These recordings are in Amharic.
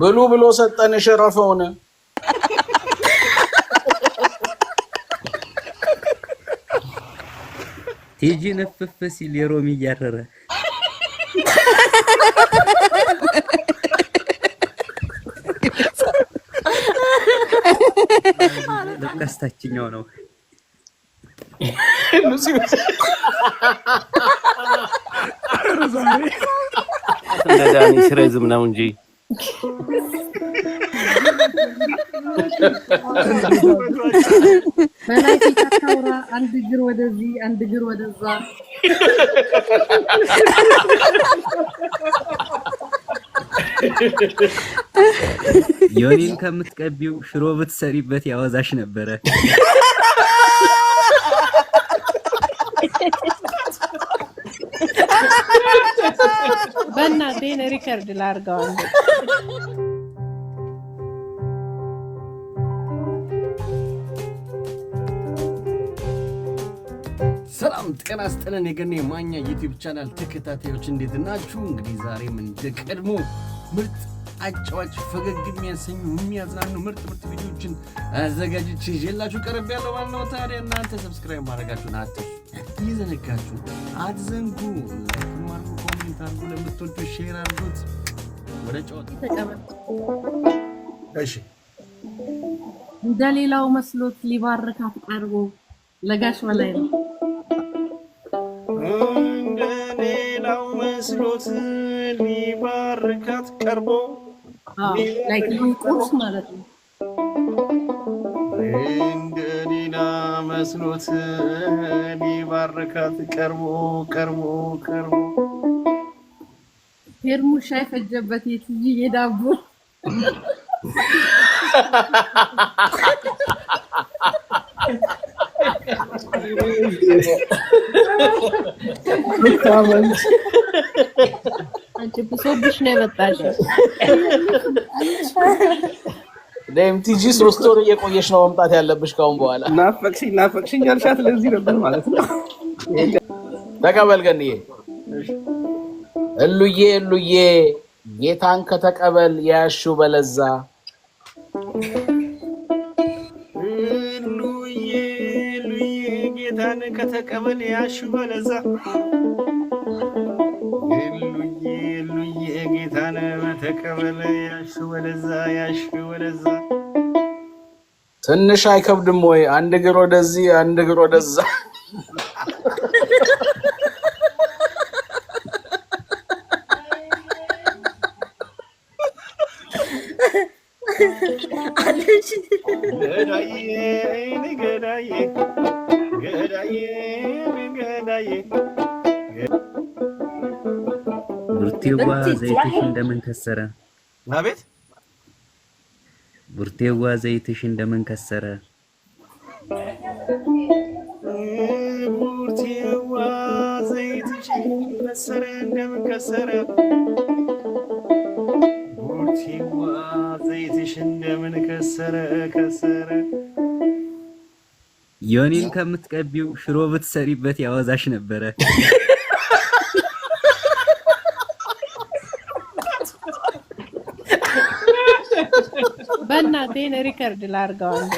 ብሉ ብሎ ሰጠን የሸረፈውን። ቲጂ ነፍፍ ሲል የሮሚ እያረረ ለካስታችኛው ነው። እንደ ዳኒ ሲረዝም ነው እንጂ አንድ እግር ወደዚህ አንድ እግር ወደዛ ዮኒን ከምትቀቢው ሽሮ ብትሰሪበት ያወዛሽ ነበረ። በእናቴን ሪከርድ ላርገዋል። ሰላም ጤና ይስጥልን። የገኔ ማኛ ዩቲዩብ ቻናል ተከታታዮች እንዴት ናችሁ? እንግዲህ ዛሬም እንደ ቀድሞ ምርጥ አጫዋች ፈገግ የሚያሰኙ የሚያዝናኑ ምርጥ ምርጥ ቪዲዮችን አዘጋጅች ይዤላችሁ ቀረብ ያለው ዋናው ታዲያ እናንተ ሰብስክራይብ ማድረጋችሁን አትዘነጋችሁ፣ አትዘንጉ አድርጉ፣ ለምትወዱ ሼር አድርጉት። ወደ ጨዋታ እሺ። መስሎት ሊባርካት ቀርቦ ለጋሽ በላይ ነው። መስሎት ሊባርካት ቀርቦ ቁርስ ማለት ነው። መስሎት ሊባርካት ቀርቦ ቀርቦ ቀርቦ ሄርሙሻ የፈጀበት የትዬ የዳቦ አንቺ ብሶብሽ ነው የመጣሽው። ለኤምቲጂ ሶስት ወር እየቆየሽ ነው መምጣት ያለብሽ ካሁን በኋላ። ናፈቅሽኝ ናፈቅሽኝ አልሻት ለዚህ ነበር ማለት ነው። ተቀበል ገንዬ እሉዬ እሉዬ ጌታን ከተቀበል ያሹ በለዛ እሉዬ ጌታን ከተቀበል ያሹ በለዛ እሉዬ እሉዬ ጌታን ከተቀበል ያሹ በለዛ ያሹ በለዛ ትንሽ አይከብድም ወይ? አንድ እግር ወደዚህ አንድ እግር ወደዛ ገዳዬ ገዳዬ ገዳዬ ገዳዬ ቡርቴዋ ዘይትሽ እንደምን ከሰረ? አቤት ቡርቴዋ ዘይትሽ እንደምን ከሰረ? ቡርቴዋ ዘይትሽ እንደምን ከሰረ? ቲዋ ዘይትሽ እንደምን ከሰረ ከሰረ። ዮኒን ከምትቀቢው ሽሮ ብትሰሪበት ያወዛሽ ነበረ። በእናቴን ሪከርድ ላርገዋል።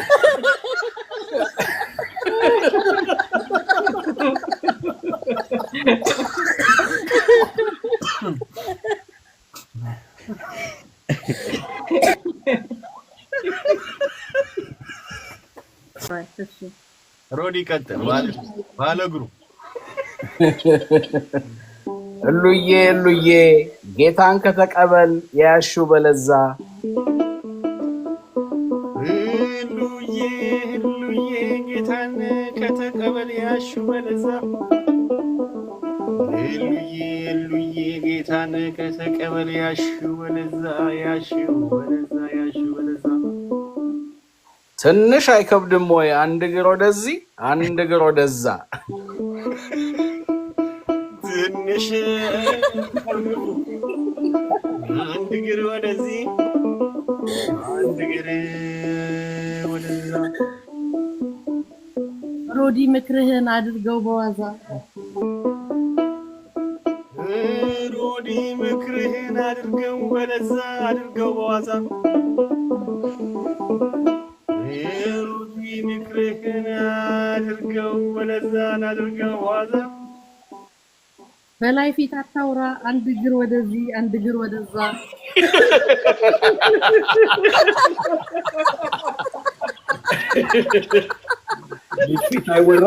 ሮድ ይቀጥል። ባለ እግሩ እሉዬ እሉዬ ጌታን ከተቀበል የያሹ በለዛ እሉዬ እሉዬ ጌታን ከተቀበል የያሹ በለዛ እሉዬ እሉዬ ጌታን ከተቀበል ያሹ በለዛ ያሹ በለዛ ያሹ በለዛ ትንሽ አይከብድም ወይ? አንድ እግር ወደዚህ፣ አንድ እግር ወደዛ። ትንሽ አንድ እግር ወደዚህ፣ አንድ እግር ወደዛ። ሮዲ ምክርህን አድርገው በዋዛ ሮዲ ምክርህን አድርገው በለዛ አድርገው በዋዛ ሩዚ ምክርህን አድርገው ወደዛን አድርገው ዋዘ በላይ ፊት አታውራ። አንድ እግር ወደዚህ አንድ እግር ወደዛ። ፊት አይወራ።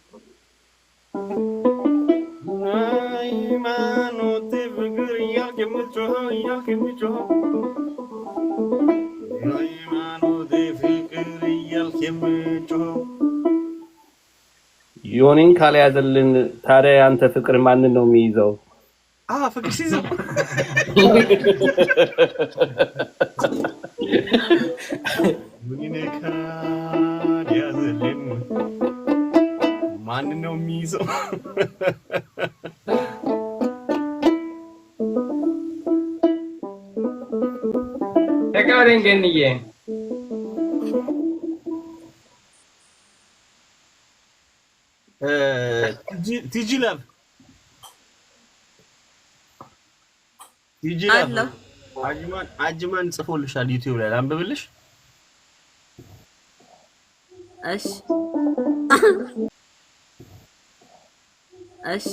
እያልክ የሚጮኸው ሃይማኖቴ ዮኒን ካልያዘልን ታዲያ የአንተ ፍቅር ማንን ነው የሚይዘው? ፍቅር ሲይዘው ማንን ነው የሚይዘው? ፈቃደ እንገንዬ ቲጂ ላብ ቲጂ ላብ አጅማን አጅማን ጽፎልሻል። ዩቲዩብ ላይ አንብብልሽ። እሺ እሺ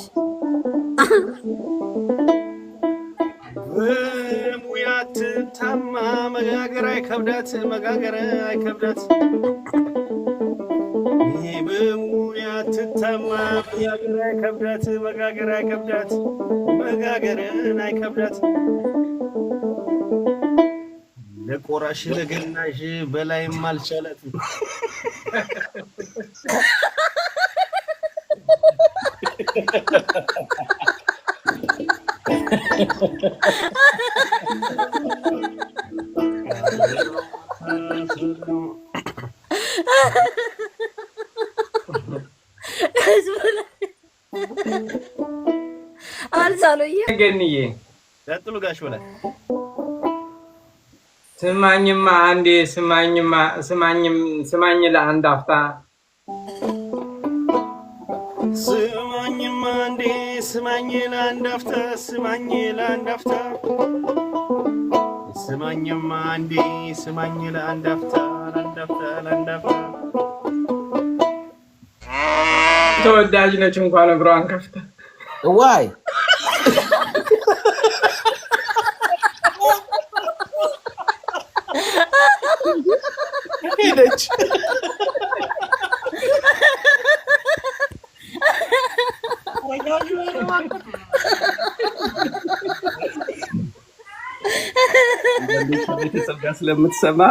እንዳትታማ መጋገር አይከብዳት መጋገር አይከብዳት በሙያ ትታማ መጋገር አይከብዳት መጋገር አይከብዳት መጋገርን አይከብዳት ለቆራሽ ለገናሽ በላይም አልቻላት ገንዬ ቀጥሉ ጋሽ ስማኝማ አንዴ ስማኝማ ስማኝም ስማኝ ለአንድ አፍታ ስማኝማ አንዴ ስማኝ ለአንድ አፍታ ስማኝ ለአንድ አፍታ ስማኝማ አንዴ ስማኝ ለአንድ አፍታ ለአንድ አፍታ ለአንድ አፍታ ተወዳጅ ነች እንኳን እግሯን ከፍታ ዋይ ሄደች። ቤተሰብ ጋር ስለምትሰማ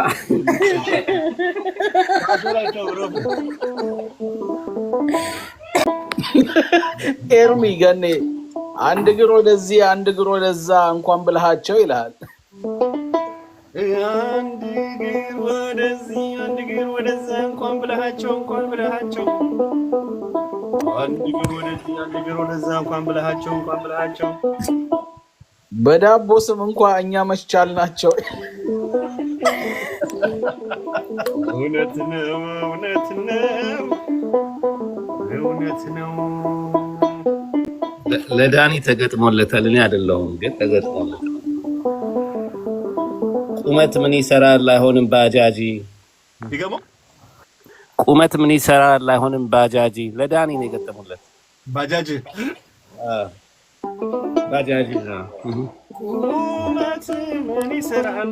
ኤርሚ ገኔ አንድ እግር ወደዚህ አንድ እግር ወደዛ እንኳን ብልሃቸው ይልሃል። አንድ እግር ወደዚህ አንድ እግር እንኳን ብለሃቸው እንኳን ብለሃቸው አንድ እግር ወደዚህ አንድ እግር እንኳን ብለሃቸው እንኳን ብለሃቸው በዳቦ ስም እንኳ እኛ መቻል ናቸው። እውነት ነው፣ እውነት ነው፣ እውነት ነው። ለዳኒ ተገጥሞለታል። እኔ አይደለሁም ግን ተገጥሞለታል። ቁመት ምን ይሰራል? አይሆንም ባጃጂ ቁመት ምን ይሰራል? አይሆንም ባጃጂ። ለዳኒ ነው የገጠሙለት። ባጃጂ ባጃጂ ቁመት ምን ይሰራል?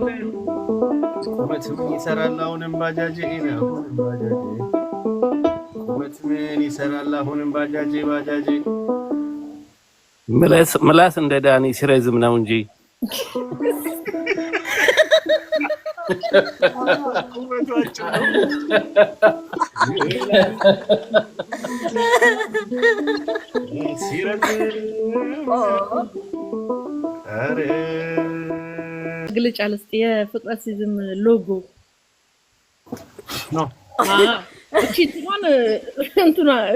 ቁመት ምን ይሰራል? አሁንም ባጃጂ ቁመት ምን ይሰራል? አሁንም ባጃጂ ባጃጂ ምላስ እንደ ዳኒ ሲረዝም ነው እንጂ ግልጫ ልስጥ። ሲዝም ሎጎ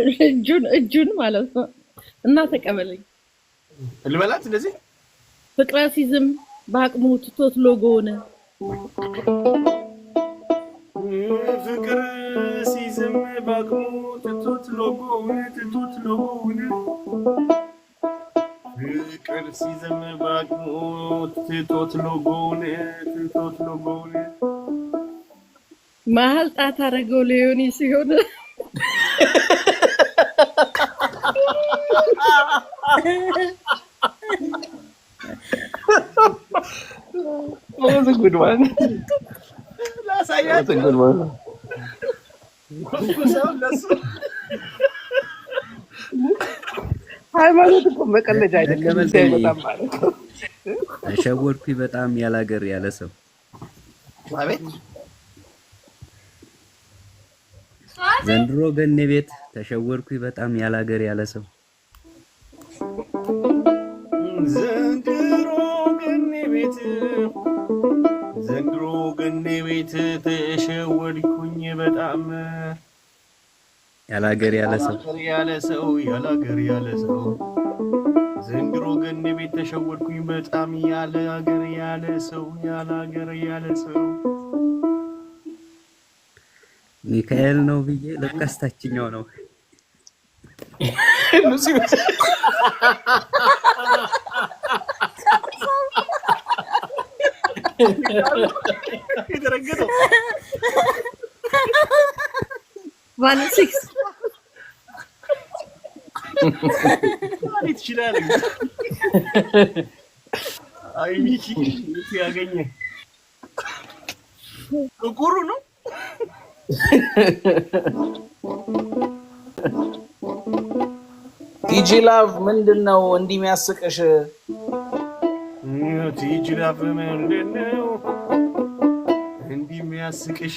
እጁን እጁን ማለት ነው። እና ተቀበለኝ ልበላት እንደዚህ ሲዝም በአቅሙ ትቶት ሎጎ ሆነ ፍቅር ሲዝም ባቅሙ ትቶት ሎጎውን ትቶት ሎጎውን ፍቅር ሲዝም ባቅሙ ትቶት ሎጎውን ትቶት ሎጎውን መሀል ጣት አደረገው ሊሆን ሲሆን That was a good one. That was a good one. ሃይማኖት እኮ መቀለጃ አይደለም። በጣም ማለት ተሸወድኩ። በጣም ያላገር ያለ ሰው ዘንድሮ ገኔ ቤት ተሸወርኩኝ በጣም ያላገር ያለ ሰው ዘንድሮ ገኔ ቤት በእኔ ቤት ተሸወድኩኝ በጣም ያላገር ያለ ሰው ያለ ሰው ያላገር ያለ ሰው ዘንድሮ ገኔ ቤት ተሸወድኩኝ በጣም ያለ ሀገር ያለ ሰው ያላገር ያለ ሰው ሚካኤል ነው ብዬ ለካስ ታችኛው ነው። የተረገጠው ባለ ሲክስ ይችላል። አይ ያገኘ ጥቁሩ ነው። ቲጂ ላቭ ምንድን ነው እንዲህ የሚያስቅሽ? ሕይወት ይጅራፍ ምንድን ነው እንዲህ የሚያስቅሽ?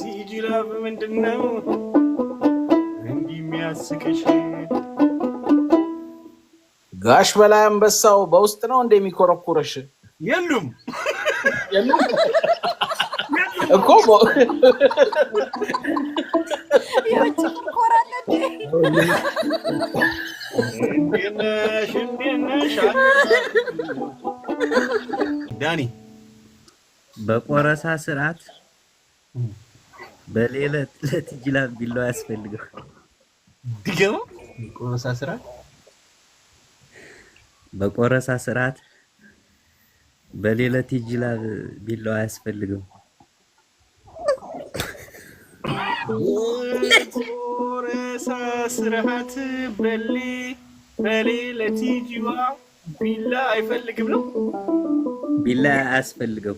ሲጅራፍ ምንድን ነው እንዲህ የሚያስቅሽ? ጋሽ በላይ አንበሳው በውስጥ ነው እንደሚኮረኩረሽ የሉም እኮ ዳኒ በቆረሳ ስርዓት በሌለት ለትጅላም ቢለው ያስፈልገው ድገማ ቆረሳ ስርዓት በቆረሳ ስርዓት በሌለት ይጅላል ቢለው አያስፈልገው። ቆረሳ ስርዓት በሌ እኔ ለቲጂዋ ቢላ አይፈልግም ነው ቢላ አያስፈልገው።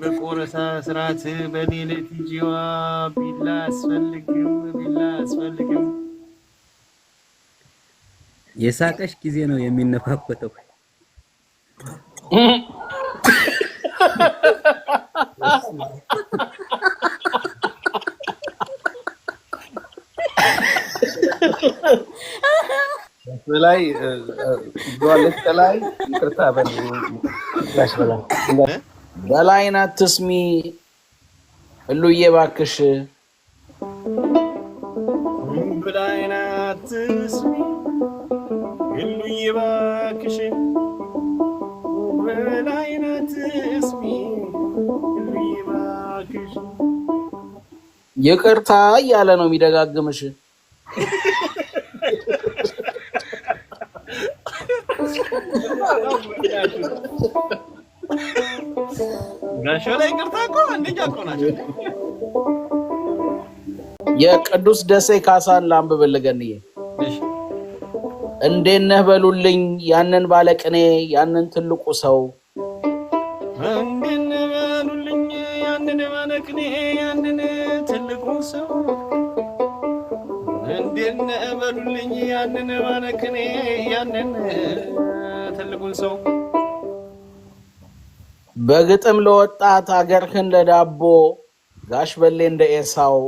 በቆረሳ ስርዓት በእኔ ለቲጂዋ ቢላ አስፈልግም ቢላ አስፈልግም። የሳቀሽ ጊዜ ነው የሚነፋፈተው። ላይ በላይ ይቅርታ በላይን አትስሚ እሉዬ እባክሽ በላይን አትስሚ እሉዬ እባክሽ በላይን አትስሚ እሉዬ እባክሽ ይቅርታ እያለ ነው የሚደጋግምሽ ጋሾ ላይ ቅርታ እኮ አንደኛ እኮ ናቸው። የቅዱስ ደሴ ካሳን ላንብብ ልገንዬ እንዴት ነህ በሉልኝ ያንን ባለቅኔ ያንን ትልቁ ሰው እንዴት ነህ በሉልኝ ያንን ባለቅኔ ያንን ትልቁ ሰው ይህን ያንን ያንን ትልቁን ሰው በግጥም ለወጣት አገርህን ለዳቦ ጋሽ በሌ እንደ ኤሳው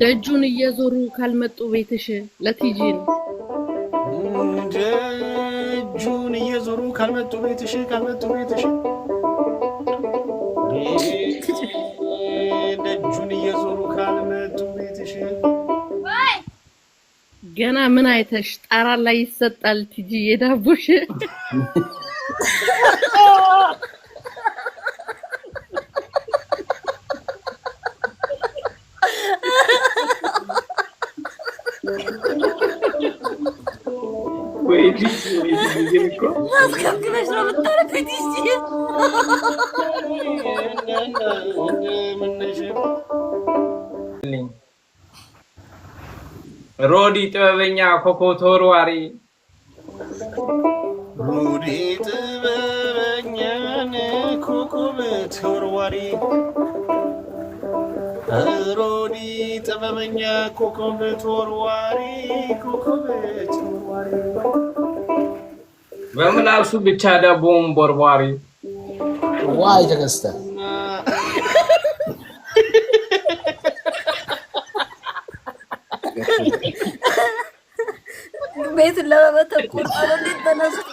ደጁን እየዞሩ ካልመጡ ቤትሽ ለቲጂን ሽን እየዞሩ ካልመጡ ቤትሽ ካልመጡ ቤትሽ ደጁን እየዞሩ ካልመጡ ቤትሽ። ገና ምን አይተሽ ጣራ ላይ ይሰጣል ቲጂ የዳቦሽ ሮዲ ጥበበኛ ኮኮቶሮ አሪ ሮዲ ጥበበኛ ኮኮብ ተወርዋሪ ሮዲ ጥበበኛ ኮኮብ ተወርዋሪ በምላሱ ብቻ ዳቦውን ቦርቧሪ ዋይ ተከስተ ቤትን ለመበተን ቁርጣ ነው። እንዴት ተነሱት?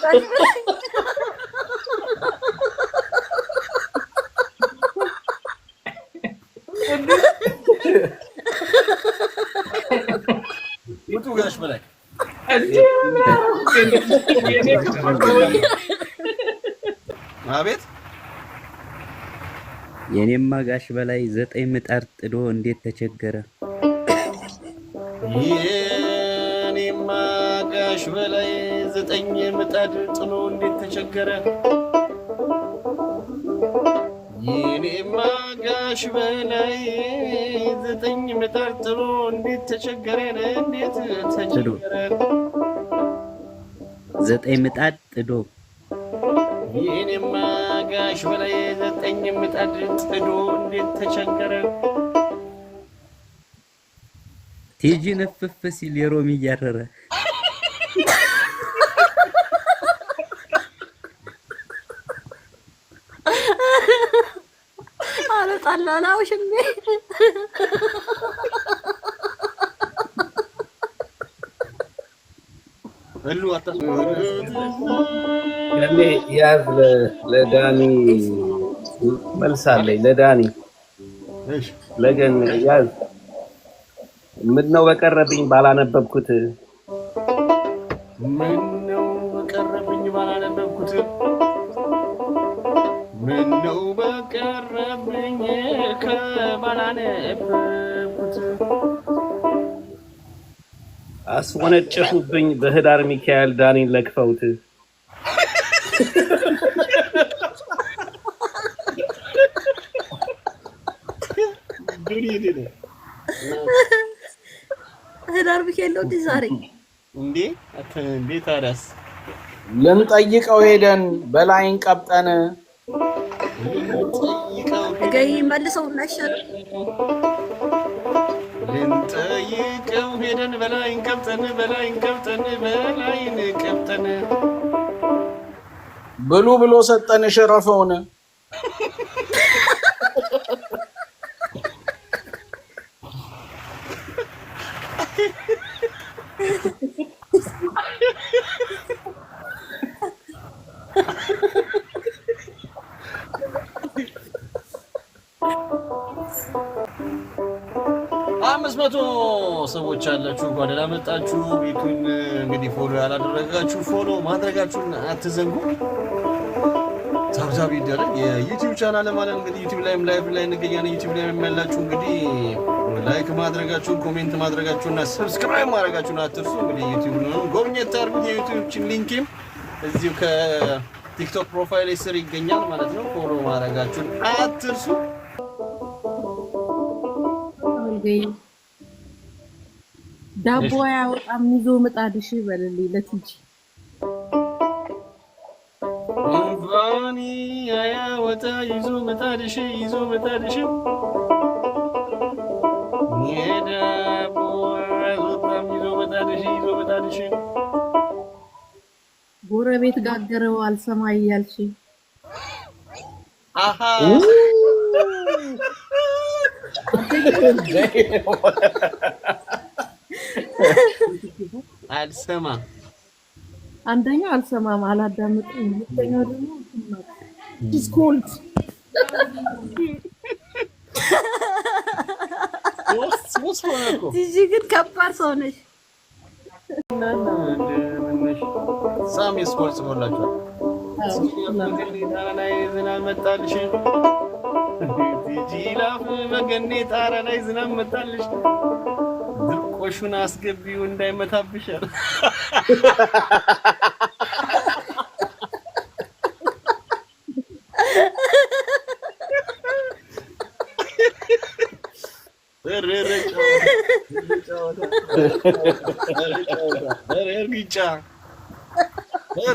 አቤት የኔማ ጋሽ በላይ ዘጠኝ ምጣድ ጥዶ እንዴት ተቸገረ። የኔማ ጋሽ በላይ ዘጠኝ ምጣድ ጥሎ እንዴት ተቸገረ። የኔማ ጋሽ በላይ ዘጠኝ ምጣድ ጥሎ እንዴት ተቸገረ። እንዴት ተቸገረ ዘጠኝ ምጣድ ጥዶ ይህኔማ ጋሽ በላይ ዘጠኝ ምጣድ ጥዶ እንዴት ተቸገረ። ቴጂ ነፍፍ ሲል የሮሚ እያረረ አለጣላላውሽ ያኔ ያዝ ለዳኒ መልሳለኝ። ለዳኒ ለገን ያዝ ምነው በቀረብኝ ባላነበብኩት ምነው በቀረብኝ ባላነበብኩት ምነው በቀረብኝ ባላነበብኩት? አስወነጨፉብኝ። በህዳር ሚካኤል ዳኒን ለክፈውት ህዳር ሚካኤል ነው ዛሬ እንዴ? እንዴ ታዲያስ ልንጠይቀው ሄደን በላይን ቀብጠን ገይ መልሰው እናሻል ልንጠይቀው ሄደን በላይ እንቀብጠን በላይ እንቀብጠን በላይ እንቀብጠን ብሉ ብሎ ሰጠን ሸረፈውን አምስት መቶ ሰዎች አላችሁ። እንኳን ደህና መጣችሁ። ቤቱን እንግዲህ ፎሎ ያላደረጋችሁ ፎሎ ማድረጋችሁን አትዘንጉ። ታብታብ ይደረግ የዩቲዩብ ቻናል ማለት እንግዲህ ዩቲዩብ ላይም ላይቭ ላይ እንገኛለን። ዩቲዩብ ላይ የሚያላችሁ እንግዲህ ላይክ ማድረጋችሁን፣ ኮሜንት ማድረጋችሁና ሰብስክራይብ ማድረጋችሁን አትርሱ። እንግዲህ ዩቲዩብ ነው ጎብኘት አድርጉት። የዩቲዩብችን ሊንክም እዚሁ ከቲክቶክ ፕሮፋይል ስር ይገኛል ማለት ነው። ፎሎ ማድረጋችሁን አትርሱ። ዳቦ አያወጣም ይዞ ምጣድሽ ይበልልኝ። ለትጂ ጉንፋን አያወጣ ይዞ ምጣድሽ ይዞ ምጣድሽ ዳቦ አያወጣም ይዞ ምጣድሽ ይዞ ምጣድሽ ጎረቤት ጋገረው አልሰማ እያልሽ አሃ አልሰማም። አንደኛው አልሰማም፣ አላዳምጥም። ሁለተኛው ደግሞ ኢትስ ቲጂ ግን ከባድ ሰው ነሽ። ሳሚ ስኮል ስሞላችኋል። ዝናብ መጣልሽ ቲጂ ላፍ በገኔ ጣራ ላይ ዝናብ መጣልሽ ቆሹን አስገቢው እንዳይመታብሻል።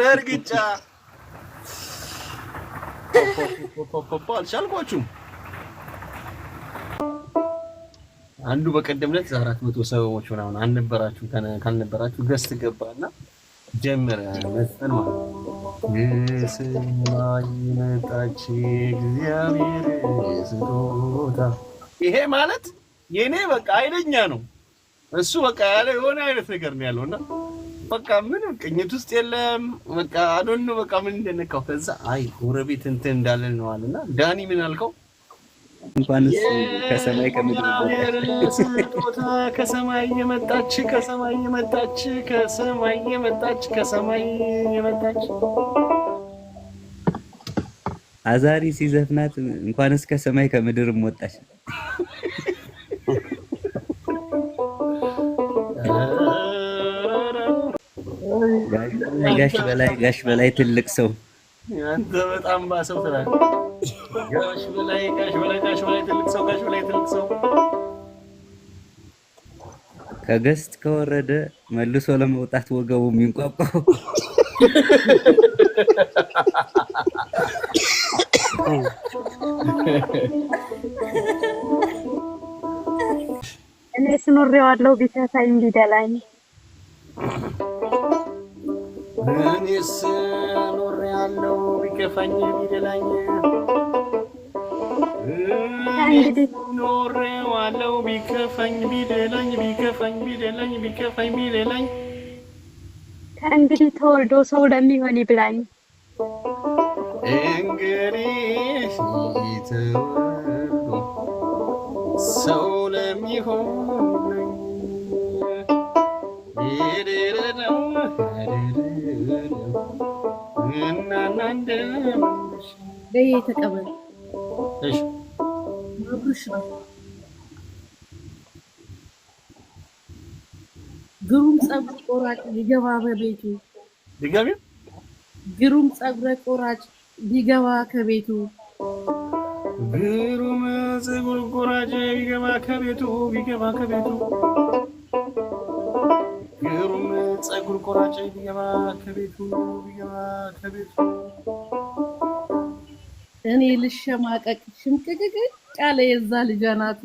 እርግጫ አልቻልኳችሁም። አንዱ በቀደም ዕለት አራት መቶ ሰዎች ምናምን አልነበራችሁ ካልነበራችሁ ገስ ገባና ጀመረ መሰን ማለት የሰማይ መጣች እግዚአብሔር ስጦታ። ይሄ ማለት የእኔ በቃ አይለኛ ነው። እሱ በቃ ያለ የሆነ አይነት ነገር ነው ያለው እና በቃ ምንም ቅኝት ውስጥ የለም። በቃ አዶኖ በቃ ምን እንደነካው ከዛ አይ ጎረቤት እንትን እንዳለን ነዋል እና ዳኒ ምን አልከው? እንኳንስ ከሰማይ ከምድር ስጦታ ከሰማይ የመጣች ከሰማይ የመጣች ከሰማይ የመጣች ከሰማይ የመጣች አዛሪ ሲዘፍናት እንኳንስ ከሰማይ ከምድር ወጣች። ጋሽ በላይ ጋሽ በላይ ትልቅ ሰው አንተ በጣም ባሰው ትላለህ። ጋሽ በላይ ጋሽ በላይ ጋሽ በላይ ትልቅ ሰው ጋሽ በላይ ትልቅ ሰው ከገስት ከወረደ መልሶ ለመውጣት ወገቡ የሚንቋቋው እኔ ስኖሬዋለሁ ቤት ያሳይ እንዲደላኝ እኔ ስኖሬዋለሁ ቢከፋኝ እንዲደላኝ ኖሬዋለሁ ቢከፋኝ ቢደላኝ ቢከፋኝ ቢደላኝ ቢከፋኝ ቢደላኝ ከእንግዲህ ተወልዶ ሰው ለሚሆን ይብላኝ እንግዲህ ተወልዶ ሰው ለሚሆን እናና እንደምን ነሽ? ነው። ግሩም ጸጉር ቆራጭ ቢገባ በቤቱ ቢገቢ ግሩም ጸጉረ ቆራጭ ቢገባ ከቤቱ ግሩም ጸጉር ቆራጭ ቢገባ ከቤቱ ቢገባ ከቤቱ ግሩም ጸጉር ቆራጭ ቢገባ ከቤቱ ቢገባ ከቤቱ እኔ ልሸማቀቅ ሽምቅቅቅ ያለ የዛ ልጅ ናቱ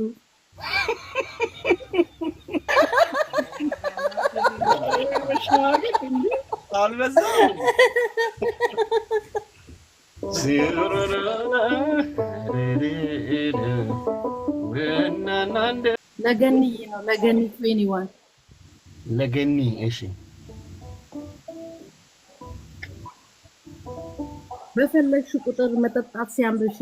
ለገኒ ነው። ለገኒ ትዌኒ ዋን ለገኒ እሺ በፈለግሽ ቁጥር መጠጣት ሲያምርሽ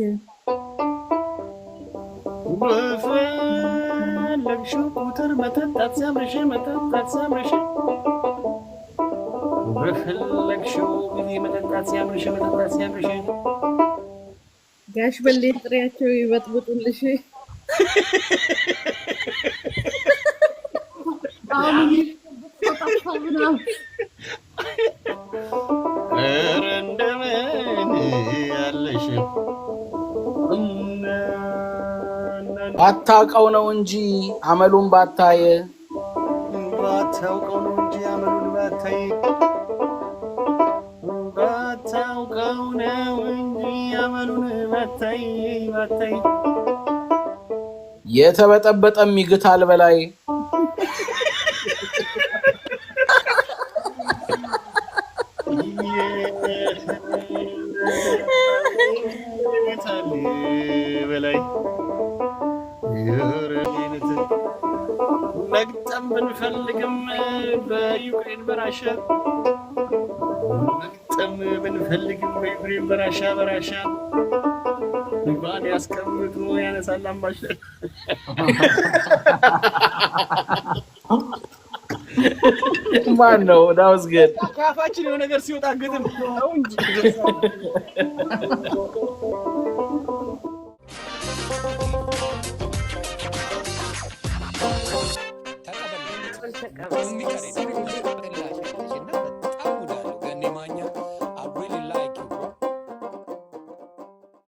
በፈለግሽ ቁጥር መጠጣት ሲያምርሽ መጠጣት ሲያምርሽ ጋሽ በሌ ጥሪያቸው ይበጥብጡልሽ። አሁን ባታውቀው ነው እንጂ አመሉን ባታየ ባታውቀው የተበጠበጠም ይግታል በላይ በላይ ብንፈልግም በዩክሬን በራሻ መግጠም ብንፈልግም በዩክሬን በራሻ በራሻ ባል ያስቀምጡ ያነሳል አምባሻል ማን ነው? ዳውስ ግን ካፋችን የሆነ ነገር ሲወጣ ግጥም ነው እንጂ